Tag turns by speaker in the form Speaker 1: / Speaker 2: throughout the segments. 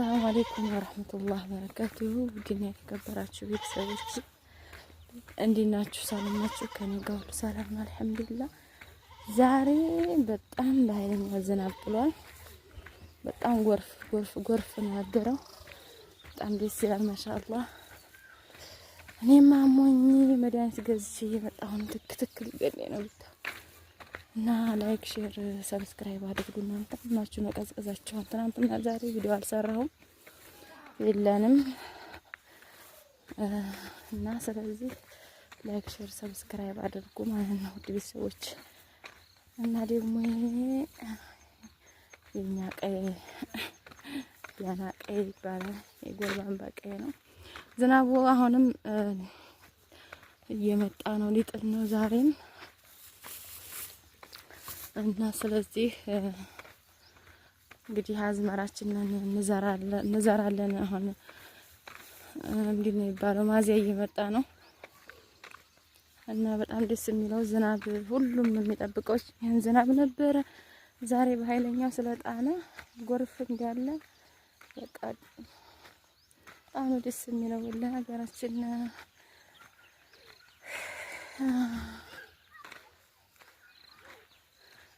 Speaker 1: አሰላሙ አሌይኩም ወረህመቱላህ በረካቱ ውድና የተከበራችሁ ቤተሰቦች እንዴት ናችሁ? ሰላም ናችሁ? ከእኔ ጋር ሁሉ ሰላም ነው፣ ዛሬ በጣም በኃይለኛ ዝናብ ብሏል በጣም ጎርፍ ጎርፍ ጎርፍ ነው ያደረው። በጣም ደስ ይላል። ማሻአላ እኔም አሞኝ መድኃኒት ገዝቼ እየመጣሁ ነው። ትክትክል ገሌ ነው ብታይ እና ላይክ፣ ሼር፣ ሰብስክራይብ አድርጉ። እናንተ ሁላችሁ ነው ቀዝቅዛችኋል። ትናንትና ዛሬ ቪዲዮ አልሰራሁም የለንም እና ስለዚህ ላይክ፣ ሼር፣ ሰብስክራይብ አድርጉ ማለት ነው ውድ ቤተሰቦች እና ደግሞ የኛ ቀይ ያና ቀይ ይባላል ቀይ ነው። ዝናቡ አሁንም እየመጣ ነው፣ ሊጥል ነው ዛሬም እና ስለዚህ እንግዲህ አዝመራችንን እንዘራለን። አሁን እንዲህ ነው የሚባለው፣ ማዚያ እየመጣ ነው እና በጣም ደስ የሚለው ዝናብ፣ ሁሉም የሚጠብቀው ይህን ዝናብ ነበረ። ዛሬ በኃይለኛው ስለጣነ ጎርፍ እንዳለ በቃ በጣም ደስ የሚለው ለሀገራችን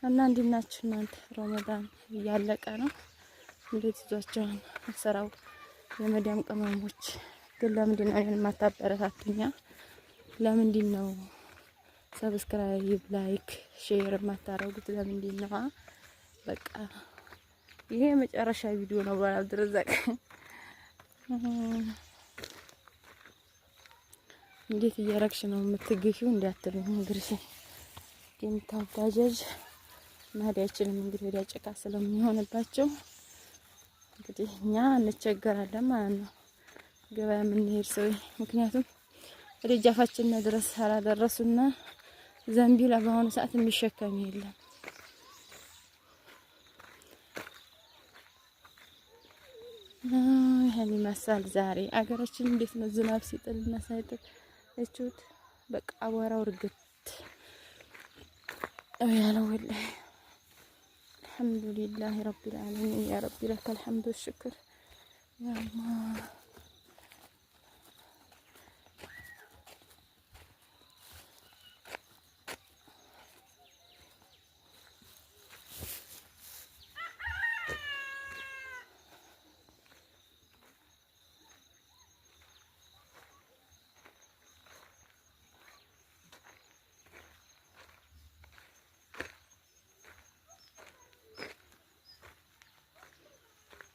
Speaker 1: እና እንዴት ናችሁ እናንተ? ረመዳን እያለቀ ነው። እንዴት ይዟቸውን አሰራው የመዳም ቅመሞች ግን ለምንድን ነው እኔን የማታበረታቱኛ? ለምንድን ነው ሰብስክራይብ፣ ላይክ፣ ሼር የማታረጉት ለምንድን ነው? በቃ ይሄ የመጨረሻ ቪዲዮ ነው ባላብድረዘቅ እንዴት እየረግሽ ነው የምትግፊው? እንዲያትሉ እንግዲህ እንደምታጓጀጅ መሄድ እንግዲህ ወዲያ ጭቃ ስለሚሆንባቸው እንግዲህ እኛ እንቸገራለን ማለት ነው ገበያ የምንሄድ ሰው። ምክንያቱም ወደ ጃፋችን ድረስ አላደረሱና ዘንቢላ በአሁኑ ሰዓት የሚሸከም የለም። ይህን ይመስላል ዛሬ አገራችን። እንዴት ነው ዝናብ ሲጥልና ሳይጥል እችሁት በቃ አቧራው እርግት ያለው ወላሂ الحمد لله رب العالمين يا ربي لك الحمد والشكر يا الله